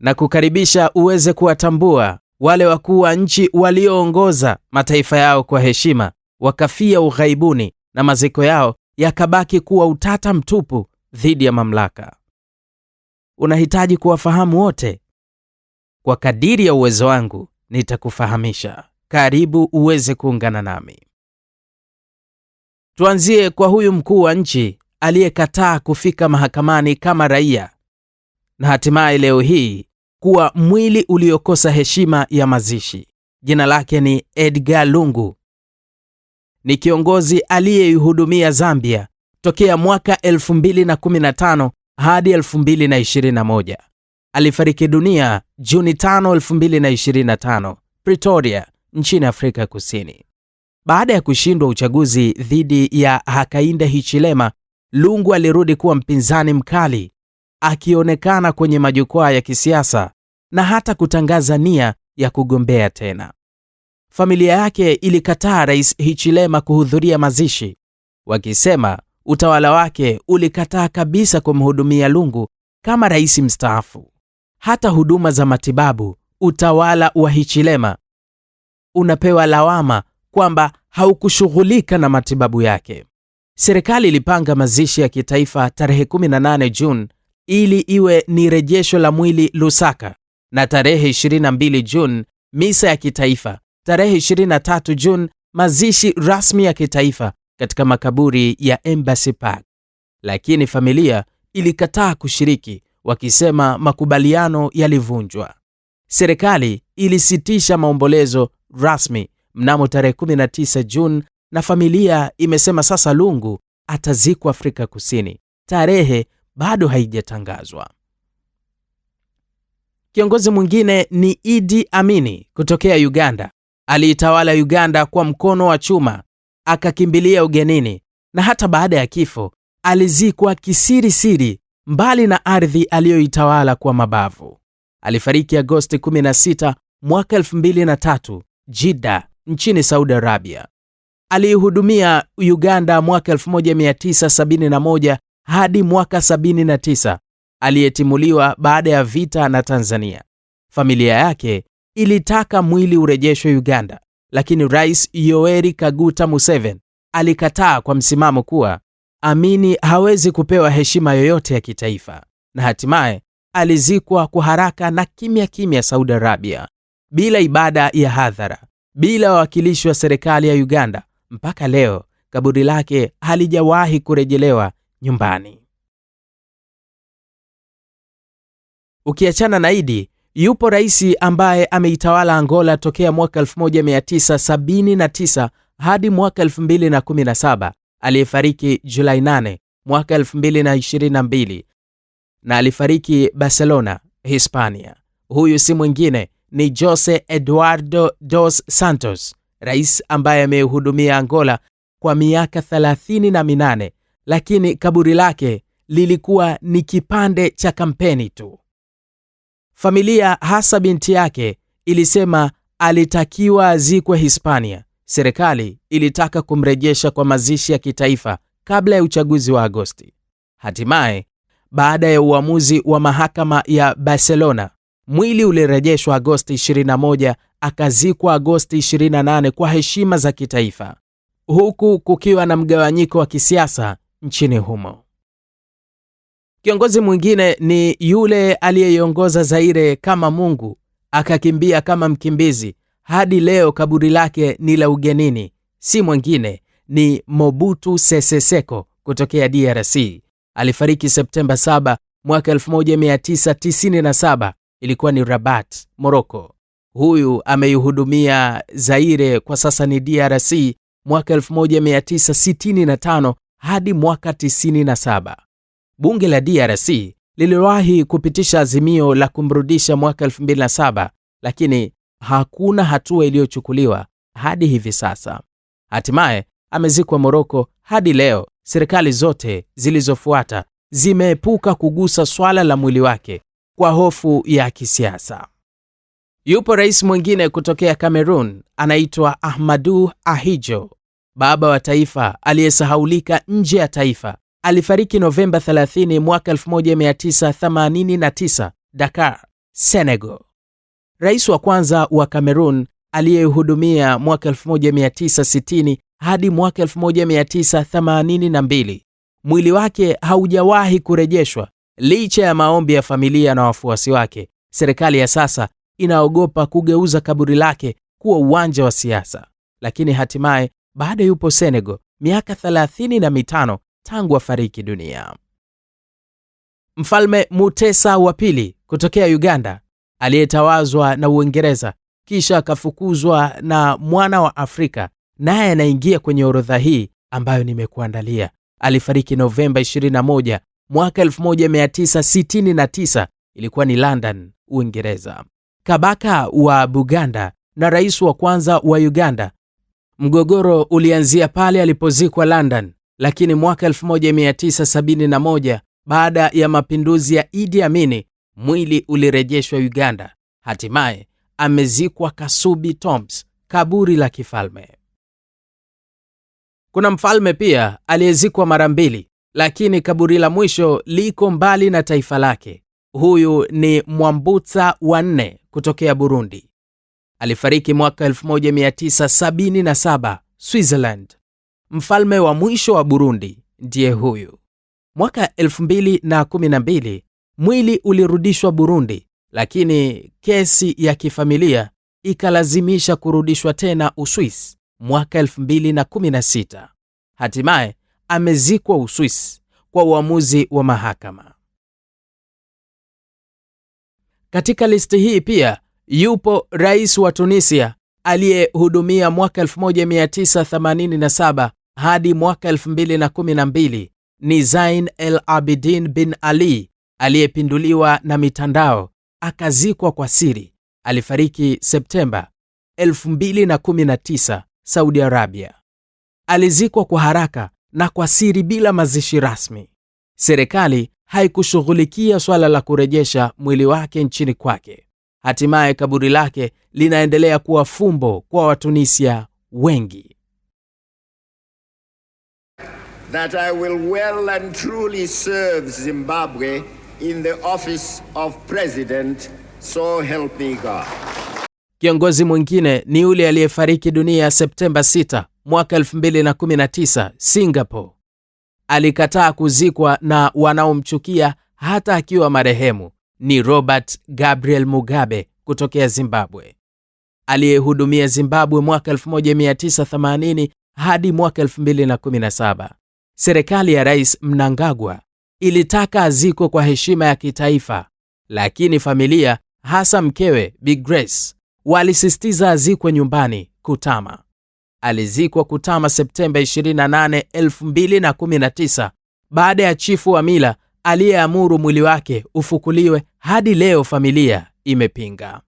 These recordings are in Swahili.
na kukaribisha uweze kuwatambua wale wakuu wa nchi walioongoza mataifa yao kwa heshima, wakafia ughaibuni na maziko yao yakabaki kuwa utata mtupu dhidi ya mamlaka. Unahitaji kuwafahamu wote? Kwa kadiri ya uwezo wangu nitakufahamisha. Karibu uweze kuungana nami. Tuanzie kwa huyu mkuu wa nchi aliyekataa kufika mahakamani kama raia na hatimaye leo hii kuwa mwili uliokosa heshima ya mazishi. Jina lake ni Edgar Lungu. Ni kiongozi aliyeihudumia Zambia tokea mwaka 2015 hadi 2021. Alifariki dunia Juni 5, 2025 Pretoria nchini Afrika Kusini. Baada ya kushindwa uchaguzi dhidi ya Hakainde Hichilema, Lungu alirudi kuwa mpinzani mkali akionekana kwenye majukwaa ya kisiasa na hata kutangaza nia ya kugombea tena. Familia yake ilikataa Rais Hichilema kuhudhuria mazishi, wakisema utawala wake ulikataa kabisa kumhudumia Lungu kama rais mstaafu. Hata huduma za matibabu, utawala wa Hichilema unapewa lawama kwamba haukushughulika na matibabu yake. Serikali ilipanga mazishi ya kitaifa tarehe 18 Juni ili iwe ni rejesho la mwili Lusaka, na tarehe 22 Juni misa ya kitaifa, tarehe 23 Juni mazishi rasmi ya kitaifa katika makaburi ya Embassy Park. Lakini familia ilikataa kushiriki, wakisema makubaliano yalivunjwa. Serikali ilisitisha maombolezo rasmi mnamo tarehe 19 Juni, na familia imesema sasa Lungu atazikwa Afrika Kusini tarehe bado haijatangazwa. Kiongozi mwingine ni Idi Amini kutokea Uganda. Aliitawala Uganda kwa mkono wa chuma, akakimbilia ugenini na hata baada ya kifo alizikwa kisirisiri mbali na ardhi aliyoitawala kwa mabavu. Alifariki Agosti 16 mwaka 2003 Jida nchini Saudi Arabia. Aliihudumia Uganda mwaka 1971 hadi mwaka 79 aliyetimuliwa baada ya vita na Tanzania. Familia yake ilitaka mwili urejeshwe Uganda, lakini Rais Yoweri Kaguta Museveni alikataa kwa msimamo kuwa Amini hawezi kupewa heshima yoyote ya kitaifa, na hatimaye alizikwa kwa haraka na kimya kimya Saudi Arabia, bila ibada ya hadhara, bila wawakilishi wa serikali ya Uganda. Mpaka leo kaburi lake halijawahi kurejelewa nyumbani. Ukiachana na Idi, yupo rais ambaye ameitawala Angola tokea mwaka 1979 hadi mwaka 2017 aliyefariki Julai 8 mwaka 2022 na alifariki Barcelona, Hispania. Huyu si mwingine ni Jose Eduardo dos Santos, rais ambaye amehudumia Angola kwa miaka 38 lakini kaburi lake lilikuwa ni kipande cha kampeni tu. Familia hasa binti yake ilisema alitakiwa azikwe Hispania. Serikali ilitaka kumrejesha kwa mazishi ya kitaifa kabla ya uchaguzi wa Agosti. Hatimaye, baada ya uamuzi wa mahakama ya Barcelona, mwili ulirejeshwa Agosti 21, akazikwa Agosti 28 kwa heshima za kitaifa, huku kukiwa na mgawanyiko wa kisiasa nchini humo. Kiongozi mwingine ni yule aliyeiongoza Zaire kama Mungu akakimbia kama mkimbizi hadi leo kaburi lake ni la ugenini, si mwingine ni Mobutu Sese Seko kutokea DRC. Alifariki Septemba 7 mwaka 1997, ilikuwa ni Rabat, Morocco. Huyu ameihudumia Zaire, kwa sasa ni DRC. Mwaka 1965 hadi mwaka 97. Bunge la DRC liliwahi kupitisha azimio la kumrudisha mwaka 2007, lakini hakuna hatua iliyochukuliwa hadi hivi sasa. Hatimaye amezikwa Moroko. Hadi leo serikali zote zilizofuata zimeepuka kugusa swala la mwili wake kwa hofu ya kisiasa. Yupo rais mwingine kutokea Cameroon anaitwa Ahmadou ahijo baba wa taifa aliyesahaulika nje ya taifa. Alifariki Novemba 30 mwaka 1989 Dakar, Senegal. Rais wa kwanza wa Cameroon aliyehudumia mwaka 1960 hadi mwaka 1982. Mwili wake haujawahi kurejeshwa licha ya maombi ya familia na wafuasi wake. Serikali ya sasa inaogopa kugeuza kaburi lake kuwa uwanja wa siasa, lakini hatimaye bado yupo Senegal miaka 35 tangu afariki dunia. Mfalme Mutesa wa pili kutokea Uganda aliyetawazwa na Uingereza kisha akafukuzwa na mwana wa Afrika naye anaingia kwenye orodha hii ambayo nimekuandalia. Alifariki Novemba 21 mwaka 1969, ilikuwa ni London, Uingereza. Kabaka wa Buganda na rais wa kwanza wa Uganda Mgogoro ulianzia pale alipozikwa London, lakini mwaka 1971 baada ya mapinduzi ya Idi Amini, mwili ulirejeshwa Uganda. Hatimaye amezikwa Kasubi Tombs, kaburi la kifalme. Kuna mfalme pia aliyezikwa mara mbili, lakini kaburi la mwisho liko mbali na taifa lake. Huyu ni Mwambutsa wa nne kutokea Burundi alifariki mwaka 1977 Switzerland. Mfalme wa mwisho wa Burundi ndiye huyu. Mwaka 2012 mwili ulirudishwa Burundi, lakini kesi ya kifamilia ikalazimisha kurudishwa tena uswis mwaka 2016. Hatimaye amezikwa Uswis kwa uamuzi wa mahakama. Katika listi hii pia yupo rais wa Tunisia aliyehudumia mwaka 1987 hadi mwaka 2012 ni Zain El Abidin bin Ali aliyepinduliwa na mitandao akazikwa kwa siri. Alifariki Septemba 2019 Saudi Arabia. Alizikwa kwa haraka na kwa siri bila mazishi rasmi. Serikali haikushughulikia swala la kurejesha mwili wake nchini kwake. Hatimaye kaburi lake linaendelea kuwa fumbo kwa Watunisia wengi. That I will well and truly serve Zimbabwe in the office of president, so help me God. Kiongozi mwingine ni yule aliyefariki dunia Septemba 6 mwaka 219 Singapore. Alikataa kuzikwa na wanaomchukia hata akiwa marehemu ni Robert Gabriel Mugabe kutokea Zimbabwe aliyehudumia Zimbabwe mwaka 1980 hadi mwaka 2017. Serikali ya Rais Mnangagwa ilitaka azikwe kwa heshima ya kitaifa, lakini familia hasa mkewe Bi Grace walisisitiza azikwe nyumbani Kutama. Alizikwa Kutama Septemba 28, 2019 baada ya chifu wa mila aliyeamuru mwili wake ufukuliwe hadi leo familia imepinga.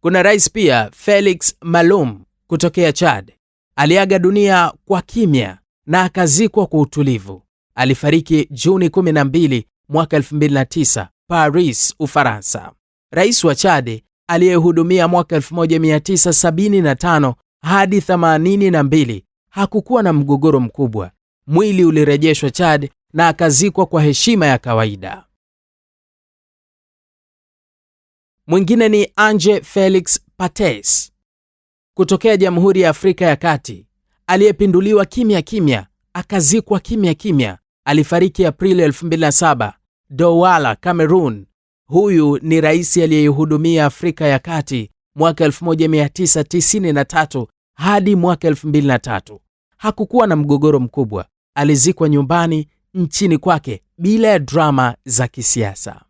Kuna rais pia Felix Malum kutokea Chad aliaga dunia kwa kimya na akazikwa kwa utulivu. Alifariki Juni 12 mwaka 2009 Paris, Ufaransa. Rais wa Chad aliyehudumia mwaka 1975 hadi 82 hakukuwa na mgogoro mkubwa. Mwili ulirejeshwa Chad na akazikwa kwa heshima ya kawaida. Mwingine ni Ange Felix Patès kutokea Jamhuri ya Afrika ya Kati aliyepinduliwa kimya kimya akazikwa kimya kimya. Alifariki Aprili 2007 Douala, Cameroon. Huyu ni rais aliyeihudumia Afrika ya Kati mwaka 1993 hadi mwaka 2003. Hakukuwa na mgogoro mkubwa, alizikwa nyumbani nchini kwake bila ya drama za kisiasa.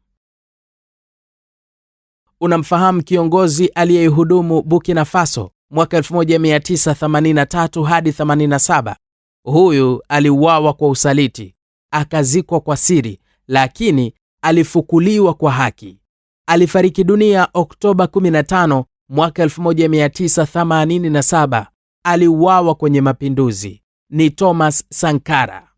Unamfahamu kiongozi aliyeihudumu Burkina Faso mwaka 1983 hadi 87? Huyu aliuawa kwa usaliti, akazikwa kwa siri, lakini alifukuliwa kwa haki. Alifariki dunia Oktoba 15 mwaka 1987. Aliuawa kwenye mapinduzi. Ni Thomas Sankara.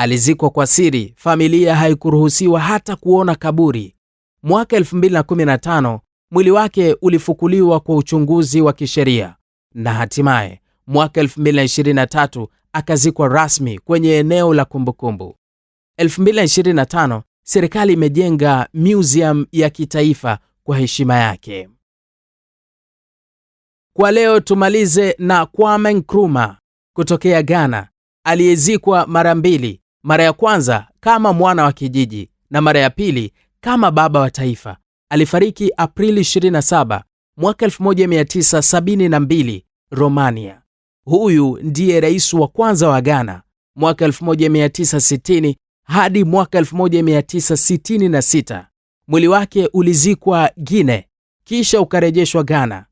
Alizikwa kwa siri, familia haikuruhusiwa hata kuona kaburi. Mwaka 2015 mwili wake ulifukuliwa kwa uchunguzi wa kisheria na hatimaye mwaka 2023 akazikwa rasmi kwenye eneo la kumbukumbu. 2025 serikali imejenga museum ya kitaifa kwa heshima yake. Kwa leo tumalize na Kwame Nkrumah kutokea Ghana aliyezikwa mara mbili mara ya kwanza kama mwana wa kijiji na mara ya pili kama baba wa taifa. Alifariki Aprili 27 mwaka 1972 Romania. Huyu ndiye rais wa kwanza wa Ghana mwaka 1960 hadi mwaka 1966. Mwili wake ulizikwa guine kisha ukarejeshwa Ghana,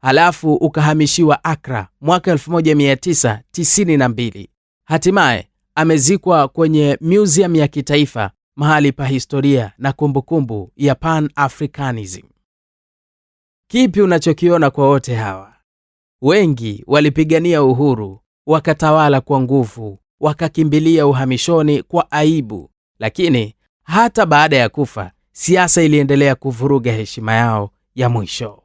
halafu ukahamishiwa Akra mwaka 1992. Hatimaye amezikwa kwenye Museum ya Kitaifa, mahali pa historia na kumbukumbu kumbu ya Pan Africanism. Kipi unachokiona kwa wote hawa? Wengi walipigania uhuru, wakatawala kwa nguvu, wakakimbilia uhamishoni kwa aibu, lakini hata baada ya kufa siasa iliendelea kuvuruga heshima yao ya mwisho.